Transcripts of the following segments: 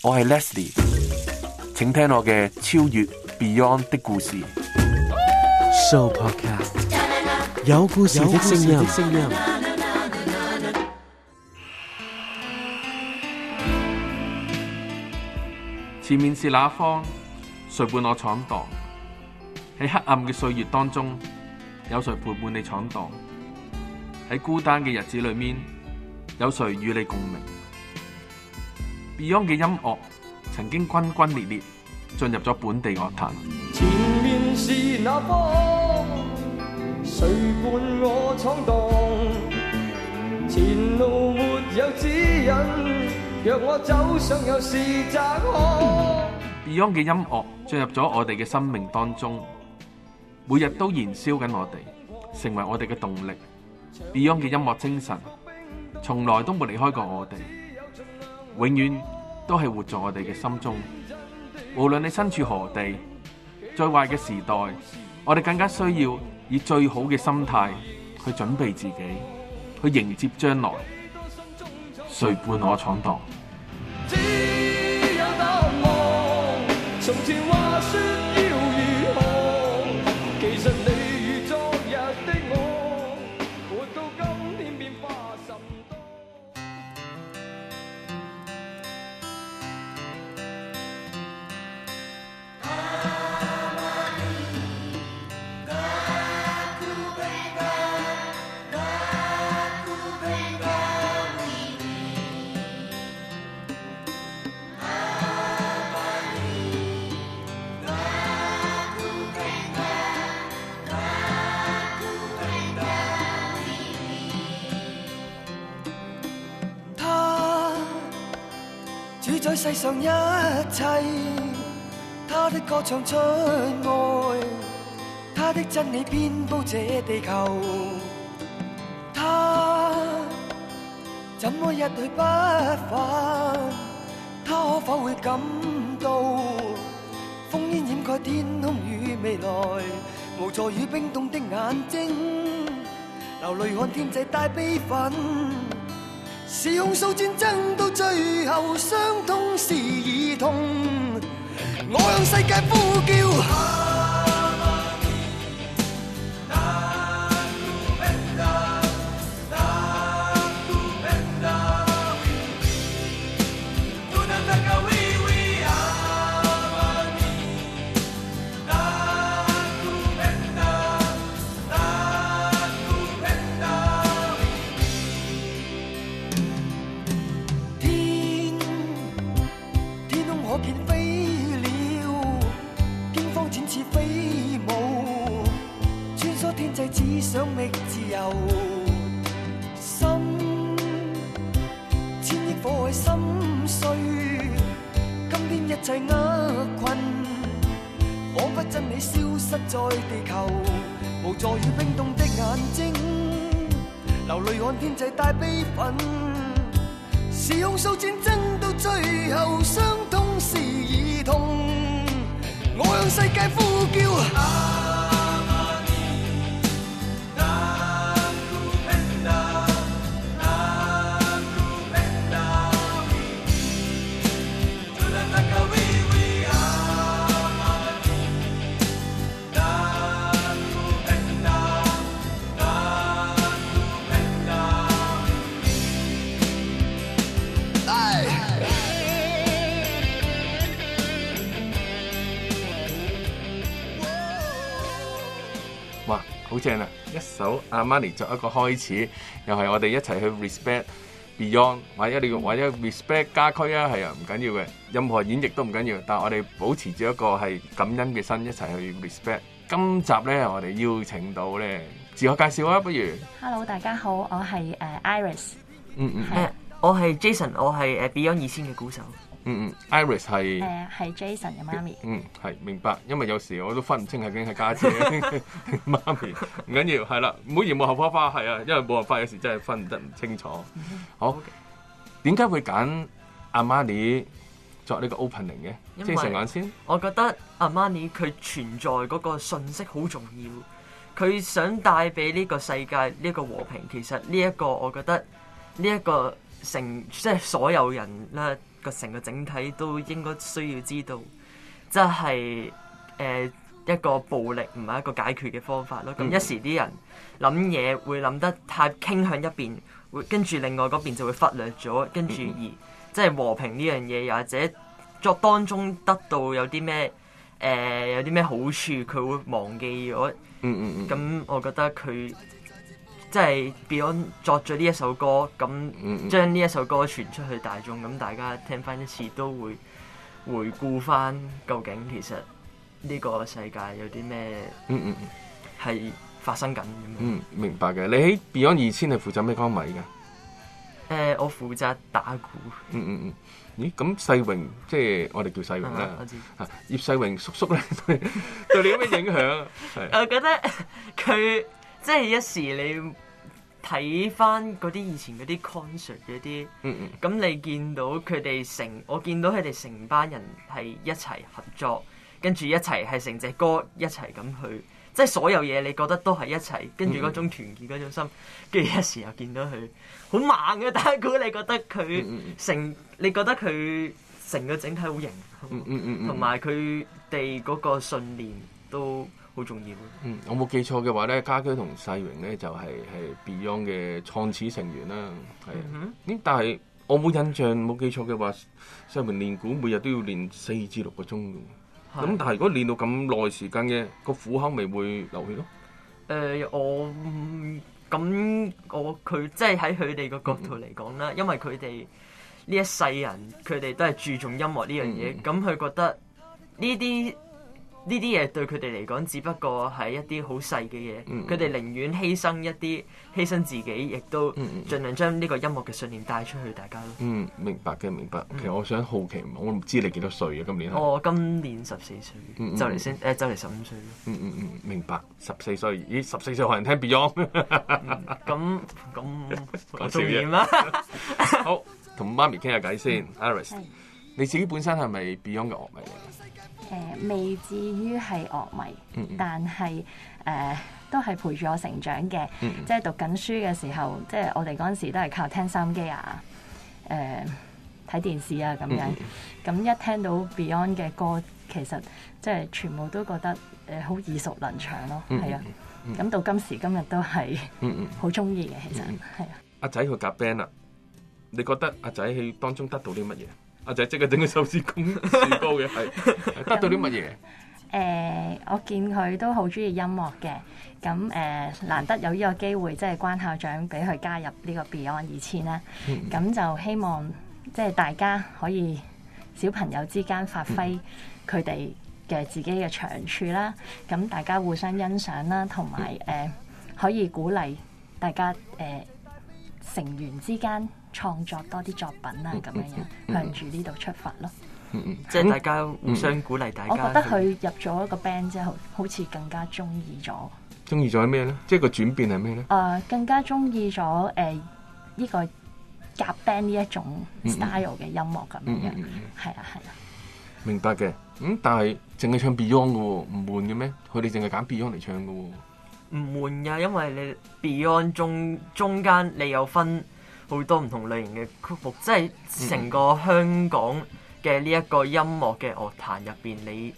我係 Leslie，請聽我嘅超越 Beyond 的故事 Show Podcast。有故事，有故事的聲音。前面是那方？誰伴我闖蕩？喺黑暗嘅歲月當中，有誰陪伴你闖蕩？喺孤單嘅日子裏面，有誰與你共鳴？Beyond 嘅音樂曾經轟轟烈烈進入咗本地樂壇。前面是那方，誰伴我闖蕩？前路沒有指引，若我走上又是怎可？Beyond 嘅音樂進入咗我哋嘅生命當中，每日都燃燒緊我哋，成為我哋嘅動力。Beyond 嘅音樂精神從來都冇離開過我哋。永遠都係活在我哋嘅心中，無論你身處何地，最壞嘅時代，我哋更加需要以最好嘅心態去準備自己，去迎接將來。誰伴我闖蕩？世上一切，他的歌唱出愛，他的真理遍布這地球。他怎麼一去不返？他可否會感到烽煙掩蓋天空與未來？無助與冰凍的眼睛，流淚看天際帶悲憤。是控訴戰爭到最後，傷痛是兒童。我向世界呼叫。大悲憤，是控訴戰爭到最後，傷痛是兒童。我向世界呼叫。正啦，一首 Amani 作一個開始，又係我哋一齊去 respect Beyond，或者你或者 respect 家駒啊，係啊唔緊要嘅，任何演繹都唔緊要，但係我哋保持住一個係感恩嘅心一齊去 respect。今集咧，我哋邀請到咧，自我介紹啊，不如。Hello，大家好，我係誒 Iris。嗯嗯。誒，我係 Jason，我係誒 Beyond 二千嘅鼓手。嗯嗯，Iris 係誒係 Jason 嘅媽咪。嗯，係明白，因為有時我都分唔清係邊係家姐、姐 媽咪，唔緊要，係啦，唔好嫌無合花花，係啊，因為冇辦法，有時真係分唔得唔清楚。嗯、哼好，點解 okay. 會揀阿瑪尼作呢個 opening 嘅？即係成眼先。我覺得阿瑪尼佢存在嗰個信息好重要，佢想帶俾呢個世界呢一、呢個和平。其實呢一個我覺得呢一、呢個成即係所有人啦。成個整體都應該需要知道，即係誒一個暴力唔係一個解決嘅方法咯。咁、嗯、一時啲人諗嘢會諗得太傾向一邊，會跟住另外嗰邊就會忽略咗，跟住而、嗯、即係和平呢樣嘢，又或者作當中得到有啲咩誒有啲咩好處，佢會忘記咗、嗯。嗯嗯咁我覺得佢。即係 Beyond 作咗呢一首歌，咁將呢一首歌傳出去大眾，咁大家聽翻一次都會回顧翻，究竟其實呢個世界有啲咩？嗯嗯嗯，係發生緊咁。嗯，明白嘅。你喺 Beyond 二千係負責咩崗位嘅？誒、呃，我負責打鼓。嗯嗯嗯。咦？咁世榮，即、就、係、是、我哋叫世榮啦、嗯嗯。我知。葉世榮叔叔咧， 對你有咩影響？ 我覺得佢。即係一時你睇翻嗰啲以前嗰啲 concert 嗰啲，嗯咁你見到佢哋成，我見到佢哋成班人係一齊合作，跟住一齊係成隻歌一齊咁去，即係所有嘢你覺得都係一齊，跟住嗰種團結嗰種心，跟住一時又見到佢好猛嘅，但係估你覺得佢成，你覺得佢成個整體好型好，同埋佢哋嗰個信念都。好重要嗯，我冇記錯嘅話咧，家駒同世榮咧就係、是、係 Beyond 嘅創始成員啦。係咁、mm hmm.，但係我冇印象，冇記錯嘅話，世榮練鼓每日都要練四至六個鐘。咁是但係如果練到咁耐時間嘅，那個虎口咪會流血咯。誒、呃，我咁我佢即係喺佢哋個角度嚟講啦，因為佢哋呢一世人佢哋都係注重音樂呢樣嘢，咁佢、嗯嗯、覺得呢啲。呢啲嘢對佢哋嚟講，只不過係一啲好細嘅嘢。佢哋、嗯、寧願犧牲一啲，犧牲自己，亦都盡量將呢個音樂嘅信念帶出去大家咯。嗯，明白嘅，明白。嗯、其實我想好奇，我唔知你幾多歲嘅、啊、今年。我今年十四歲，就嚟先，誒、嗯嗯啊，就嚟十五歲。嗯嗯嗯，明白。十四歲，咦，十四歲學人聽 Beyond、嗯。咁咁講笑嘢啦。好，同媽咪傾下偈先。Aris，你自己本身係咪 Beyond 嘅樂迷嚟？誒、呃、未至於係樂迷，但係誒、呃、都係陪住我成長嘅， 即係讀緊書嘅時候，即係我哋嗰陣時都係靠聽收音機啊、誒、呃、睇電視啊咁樣。咁 一聽到 Beyond 嘅歌，其實即係全部都覺得誒好耳熟能詳咯，係 啊。咁到今時今日都係好中意嘅，其實係啊。阿仔去夾 band 啦，你覺得阿仔喺當中得到啲乜嘢？阿仔即刻整個手指公，士高嘅，係得到啲乜嘢？誒、呃，我見佢都好中意音樂嘅，咁誒、呃，難得有呢個機會，即係關校長俾佢加入呢個 Beyond 二千啦，咁、嗯、就希望即係、就是、大家可以小朋友之間發揮佢哋嘅自己嘅長處啦，咁、嗯、大家互相欣賞啦，同埋誒可以鼓勵大家誒、呃、成員之間。創作多啲作品啊，咁樣樣、嗯嗯、向住呢度出發咯。即係大家互相鼓勵大家。我覺得佢入咗一個 band 之後，好似更加中意咗。中意咗咩咧？即、就、係、是、個轉變係咩咧？誒、呃，更加中意咗誒呢個夾 band 呢一種 style 嘅音樂咁樣樣。係、嗯嗯嗯嗯、啊，係啊。明白嘅。咁、嗯、但係淨係唱 Beyond 嘅喎，唔悶嘅咩？佢哋淨係揀 Beyond 嚟唱嘅喎。唔悶呀，因為你 Beyond 中中間你有分。好多唔同類型嘅曲目，即係成個香港嘅呢一個音樂嘅樂壇入邊，你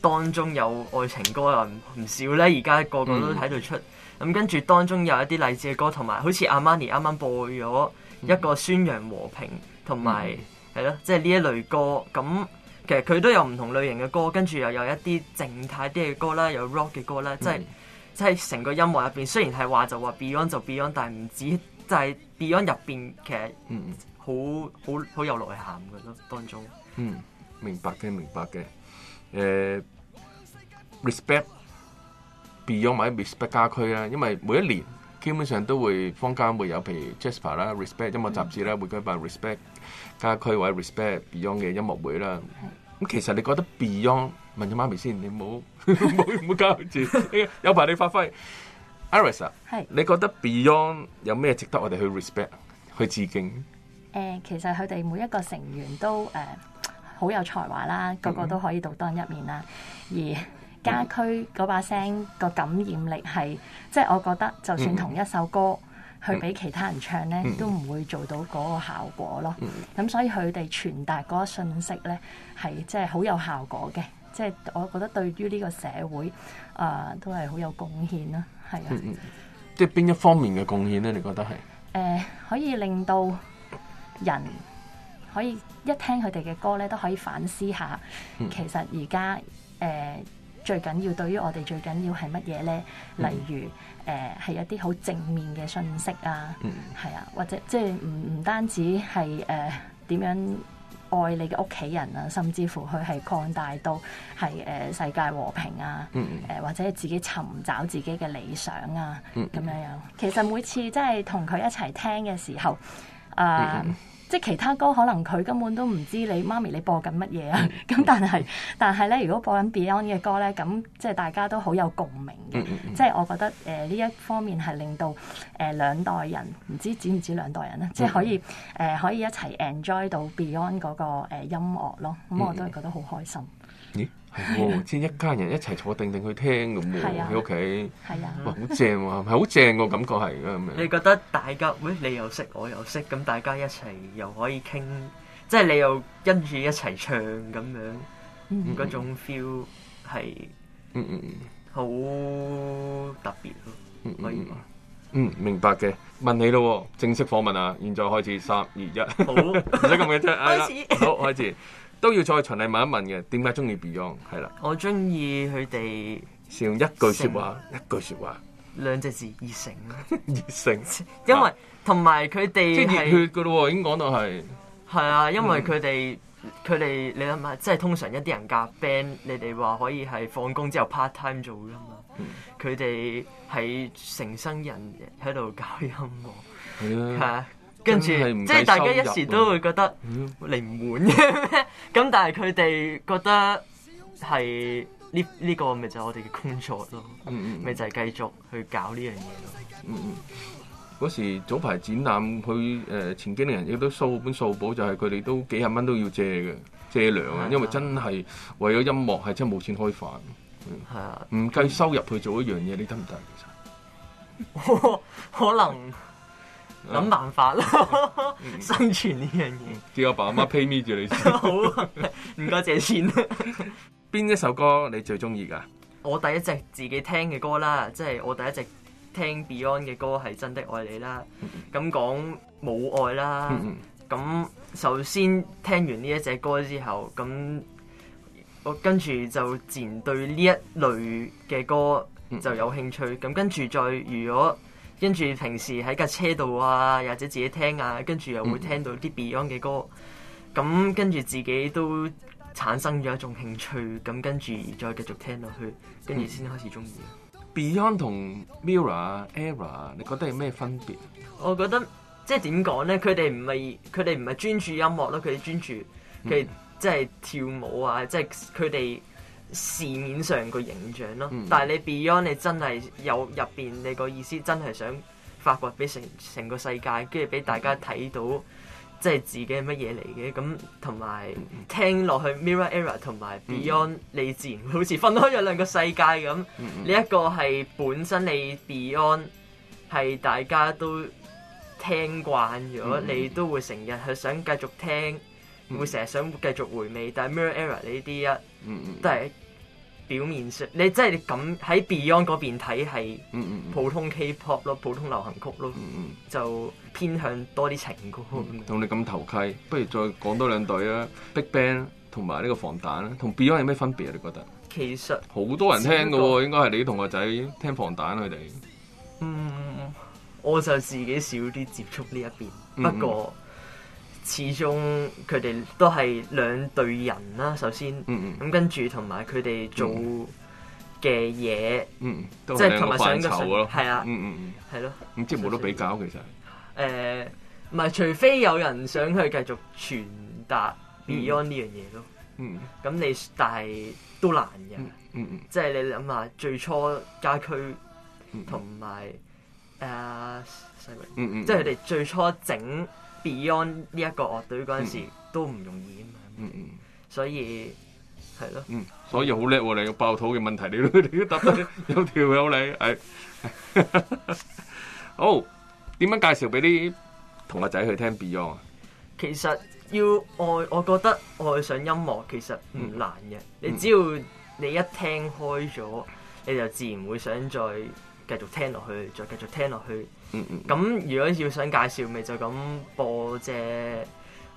當中有愛情歌啊唔少咧。而家個個都喺度出，咁、嗯嗯、跟住當中有一啲勵志嘅歌，同埋好似 Amani 啱啱播咗一個宣揚和平，同埋係咯，即係呢一類歌。咁其實佢都有唔同類型嘅歌，跟住又有一啲靜態啲嘅歌啦，有 rock 嘅歌啦，即係、嗯、即係成個音樂入邊，雖然係話就話 Beyond 就 Beyond，但係唔止。就係 Beyond 入邊，其實、嗯、好好好有內涵嘅咯，當中。嗯，明白嘅，明白嘅。誒、呃，Respect Beyond 或者 Respect 家駒啦，因為每一年基本上都會坊間會有，譬如 Jasper 啦，Respect 音樂雜誌啦，會舉辦 Respect 家駒或者 Respect Beyond 嘅音樂會啦。咁其實你覺得 Beyond 問咗媽咪先，你冇冇冇交， 錢 有排你發揮。Aris 啊，係是，你覺得 Beyond 有咩值得我哋去 respect 去致敬？誒、呃，其實佢哋每一個成員都誒好、呃、有才華啦，個個都可以獨當一面啦。而家駒嗰把聲個感染力係，嗯、即係我覺得就算同一首歌去俾其他人唱咧，嗯、都唔會做到嗰個效果咯。咁、嗯、所以佢哋傳達嗰個信息咧，係即係好有效果嘅。即、就、係、是、我覺得對於呢個社會啊、呃，都係好有貢獻啦。係啊、嗯，即係邊一方面嘅貢獻咧？你覺得係？誒、呃，可以令到人可以一聽佢哋嘅歌咧，都可以反思下，嗯、其實而家誒最緊要對於我哋最緊要係乜嘢咧？例如誒係、嗯呃、一啲好正面嘅信息啊，係啊、嗯，或者即係唔唔單止係誒點樣？愛你嘅屋企人啊，甚至乎佢係擴大到係誒、呃、世界和平啊，誒、嗯呃、或者自己尋找自己嘅理想啊咁樣，嗯、樣。其實每次真係同佢一齊聽嘅時候，啊、呃、～、嗯嗯即係其他歌可能佢根本都唔知你媽咪你播緊乜嘢啊，咁、嗯、 但係，但係咧，如果播緊 Beyond 嘅歌咧，咁即係大家都好有共鳴嘅，嗯嗯、即係我覺得誒呢、呃、一方面係令到誒、呃、兩代人，唔知止唔止兩代人咧，即係可以誒、嗯呃、可以一齊 enjoy 到 Beyond 嗰、那個、呃、音樂咯，咁、嗯嗯、我都係覺得好開心。嗯嗯嗯 哦，即係一家人一齊坐定定去聽咁喎，喺屋企，啊，好正喎，係好正個感覺係咁樣？你覺得大家，喂、欸，你又識，我又識，咁大家一齊又可以傾，即係你又跟住一齊唱咁樣，嗰種 feel 係、啊，嗯嗯，好特別咯，可以，嗯嗯嗯，明白嘅，問你咯、啊，正式訪問啊，現在開始，三二一，好，唔使咁緊張，開始，好，開始。都要再循例問一問嘅，點解中意 Beyond 係啦？我中意佢哋。是用一句説話，一句説話。兩隻字，熱誠。熱誠，因為同埋佢哋係熱血嘅咯喎，已經講到係。係啊，因為佢哋佢哋，你諗下，即係通常一啲人夾 band，你哋話可以係放工之後 part time 做㗎嘛？佢哋係成身人喺度搞音樂。嗯，係啊。跟住，即係大家一時都會覺得嚟唔滿嘅，咁、嗯、 但係佢哋覺得係呢呢個咪就係我哋嘅工作咯，咪、嗯嗯嗯、就係繼續去搞呢樣嘢咯。嗯嗯，嗰時早排展覽，佢誒、呃、前經理人亦都掃本掃簿，就係佢哋都幾廿蚊都要借嘅，借糧啊，的因為真係為咗音樂係真冇錢開飯。係啊，唔計的收入去做一樣嘢，你得唔得？其實， 可能。 諗辦法咯， 生存呢樣嘢。 叫我爸阿媽 pay me 住你先。好，唔該借錢啦。邊一首歌你最中意噶？我第一隻自己聽嘅歌啦，即係我第一隻聽 Beyond 嘅歌係《真的愛你》啦。咁講冇愛啦。咁 首先聽完呢一隻歌之後，咁我跟住就自然對呢一類嘅歌就有興趣。咁 跟住再如果。跟住平時喺架車度啊，或者自己聽啊，跟住又會聽到啲 Beyond 嘅歌，咁、嗯、跟住自己都產生咗一種興趣，咁跟住再繼續聽落去，跟住先開始中意、嗯。Beyond 同 Mirror Era，你覺得係咩分別？我覺得即係點講呢？佢哋唔係佢哋唔係專注音樂咯，佢哋專注佢即係跳舞啊，即係佢哋。市面上個形象咯，但係你 Beyond 你真係有入邊你個意思、嗯、真係想發掘俾成成個世界，跟住俾大家睇到，嗯、即係自己係乜嘢嚟嘅咁。同埋聽落去、嗯、Mirror Era 同埋 Beyond、嗯、你自然會好似分開咗兩個世界咁。呢、嗯嗯、一個係本身你 Beyond 係大家都聽慣咗，嗯、你都會成日去想繼續聽。唔會成日想繼續回味，但係 Mirror Era 呢啲啊，嗯嗯都係表面上。你即係你咁喺 Beyond 嗰邊睇係普通 K-pop 咯，Pop, 嗯嗯嗯普通流行曲咯，嗯嗯就偏向多啲情歌。同、嗯嗯、你咁投契，不如再講多兩隊啊，Big Bang 同埋呢個防彈，同 Beyond 有咩分別啊？你覺得？其實好多人聽嘅喎，過應該係你同學仔聽防彈佢哋。嗯，我就自己少啲接觸呢一邊，嗯嗯不過。始終佢哋都係兩隊人啦，首先，咁跟住同埋佢哋做嘅嘢，即係同埋想嘅嘢咯，係啊，嗯嗯，係、嗯、咯，咁即係冇得比較其實，誒、呃，唔係除非有人想去繼續傳達 Beyond 呢、嗯、樣嘢咯嗯嗯，嗯，咁你但係都難嘅，嗯嗯，即係你諗下最初街區同埋。誒，即係佢哋最初整 Beyond 呢一個樂隊嗰陣時嗯嗯都唔容易啊嘛，嗯嗯所以係咯，嗯，所以好叻，啊，你嚟，爆肚嘅問題嚟，你都答得有條有理，係， 好，點樣介紹俾啲同阿仔去聽 Beyond 啊？其實要愛，我覺得愛上音樂其實唔難嘅，嗯嗯你只要你一聽開咗，你就自然會想再。繼續聽落去，再繼續聽落去。咁、嗯嗯、如果要想介紹，咪就咁播隻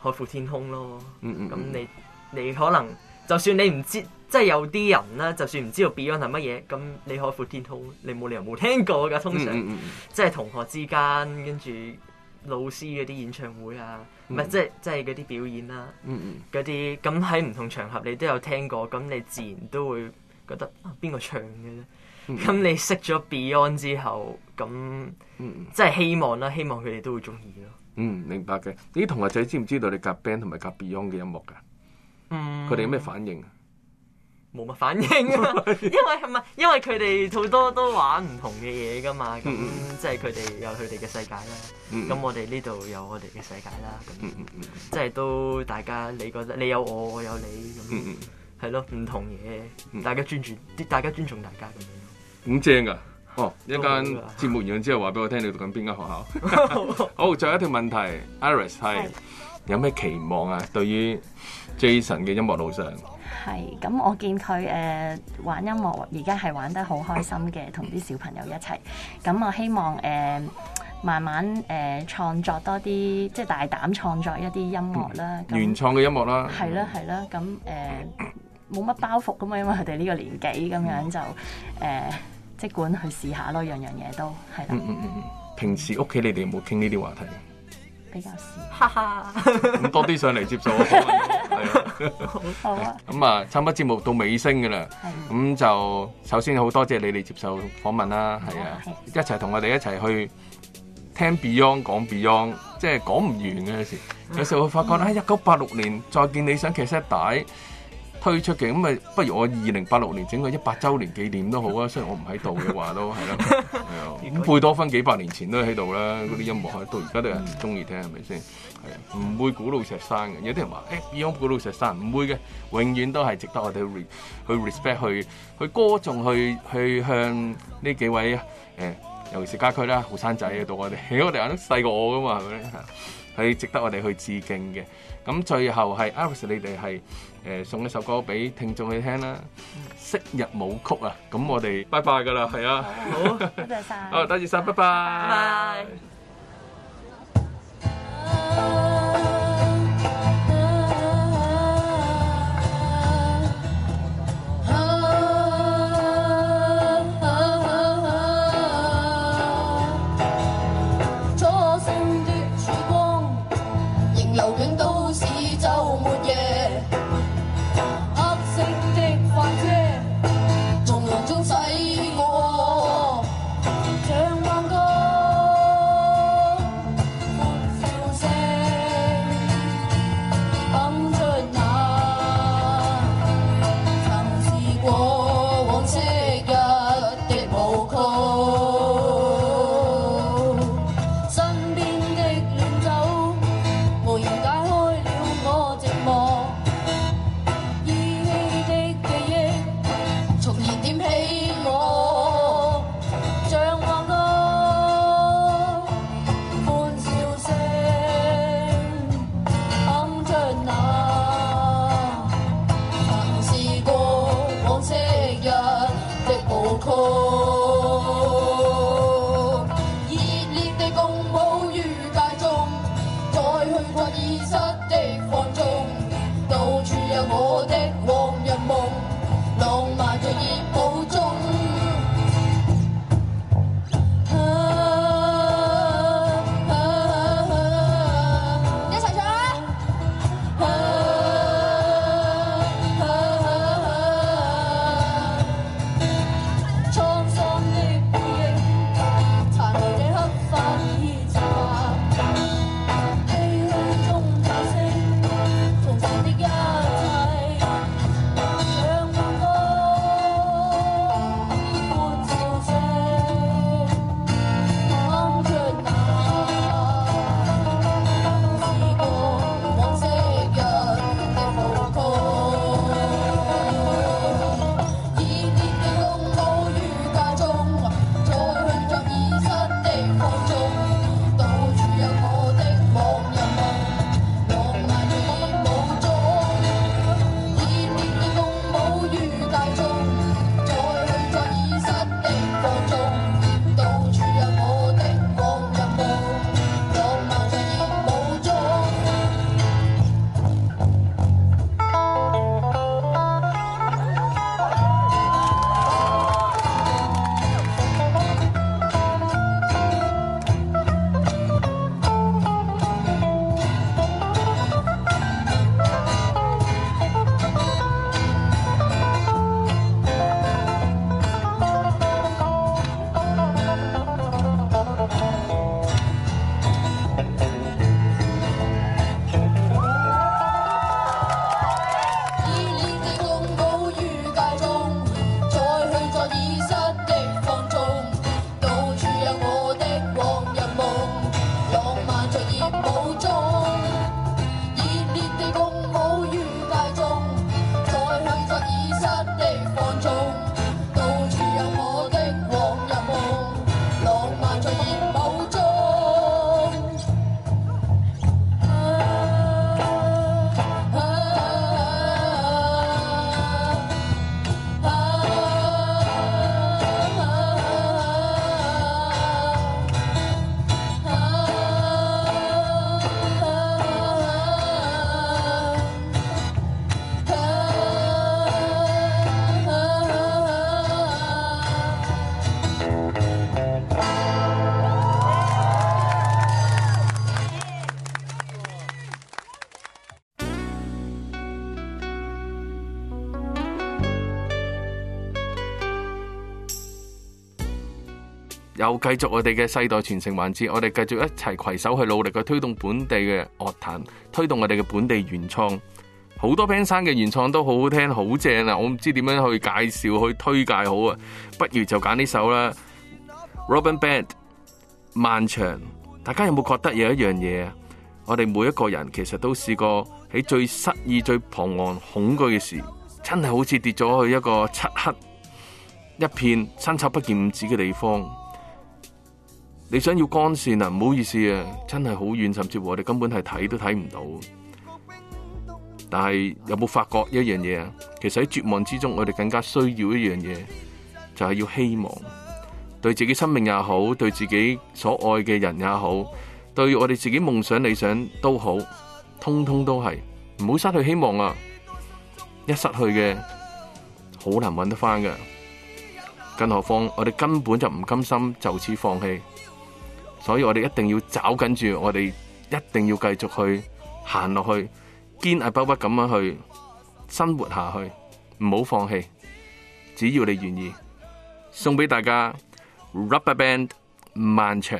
海闊天空咯。咁、嗯嗯、你你可能就算你唔知，即係有啲人啦，就算唔知道 Beyond 係乜嘢，咁你海闊天空你冇理由冇聽過㗎。通常即係同學之間，跟住老師嗰啲演唱會啊，唔係即係即係嗰啲表演啦、啊。嗰啲咁喺唔同場合你都有聽過，咁你自然都會覺得邊個、啊、唱嘅咧？咁你識咗 Beyond 之後，咁即係希望啦，希望佢哋都會中意咯。嗯，明白嘅。啲同學仔知唔知道你夾 band 同埋夾 Beyond 嘅音樂噶嗯，佢哋有咩反應？冇乜反應啊，因為係咪，因為佢哋好多都玩唔同嘅嘢噶嘛。咁即係佢哋有佢哋嘅世界啦，咁我哋呢度有我哋嘅世界啦。咁即係都大家，你覺得你有我，我有你咁。係咯，唔同嘢，大家尊重，大家尊重大家咁樣。咁正噶、啊，哦！一陣間節目完咗之後話俾我聽，你讀緊邊間學校？ 好，仲有一條問題，Aris 係有咩期望啊？對於 Jason 嘅音樂路上，係咁，我見佢誒玩音樂而家係玩得好開心嘅，同啲小朋友一齊。咁我希望誒、呃、慢慢誒、呃、創作多啲，即係，大膽創作一啲音樂啦。嗯、那原創嘅音樂啦，係啦係啦。咁誒冇乜包袱噶嘛，因為佢哋呢個年紀咁樣就誒。呃即管去試下咯，樣樣嘢都係啦、嗯。嗯嗯嗯嗯，平時屋企你哋有冇傾呢啲話題？比較少，哈哈。咁多啲上嚟接受我訪問，係啊 的，好啊。咁啊，差唔多節目到尾聲噶啦。咁的就首先好多謝你哋接受訪問啦，係啊，的的一齊同我哋一齊去聽 Beyond 講 Beyond，即係講唔完嘅時，嗯、有時候會發覺一九八六年再見理想騎 set 帶。推出嘅咁咪，不如我二零八六年整個一百週年紀念都好啊！雖然我唔喺度嘅話都係咯，貝、 嗯、多芬幾百年前都喺度啦，嗰啲音樂到而家都有人唔中意聽係咪先？係啊、嗯，唔會古老石山嘅，有啲人話誒要我古老石山，唔會嘅，永遠都係值得我哋去 respect，去 respect 去去歌頌去去向呢幾位誒、呃，尤其是家駒啦，後生仔啊，到我哋， 我哋都細過我噶嘛，係咪啊？係值得我哋去致敬嘅。咁最後係 Alex，你哋係誒送一首歌俾聽眾去聽啦，嗯《昔日舞曲》啊。咁我哋拜拜㗎啦，係哇啊，好，多謝晒。啊，多謝晒，拜拜。拜拜拜拜。又繼續我哋嘅世代傳承環節，我哋繼續一齊攜手去努力去推動本地嘅樂壇，推動我哋嘅本地原創。好多 band 嘅原創都好好聽，好正啊！我唔知點樣去介紹去推介好啊，不如就揀呢首啦。Robin Band《漫長》，大家有冇覺得有一樣嘢？我哋每一個人其實都試過喺最失意、最彷徨、恐懼嘅時，真係好似跌咗去一個漆黑一片、伸手不見五指嘅地方。你想要光線啊？唔好意思啊，真係好遠，甚至我哋根本係睇都睇唔到。但係有冇發覺一樣嘢啊？其實喺絕望之中，我哋更加需要一樣嘢，就係要希望。對自己生命也好，對自己所愛嘅人也好，對我哋自己夢想理想都好，通通都係唔好失去希望啊！一失去嘅好難搵得返嘅，更何況我哋根本就唔甘心就此放棄。所以我哋一定要抓緊住，我哋一定要繼續去行落去，堅毅不屈咁樣去生活下去，唔好放棄。只要你願意，送俾大家《RubberBand》漫長。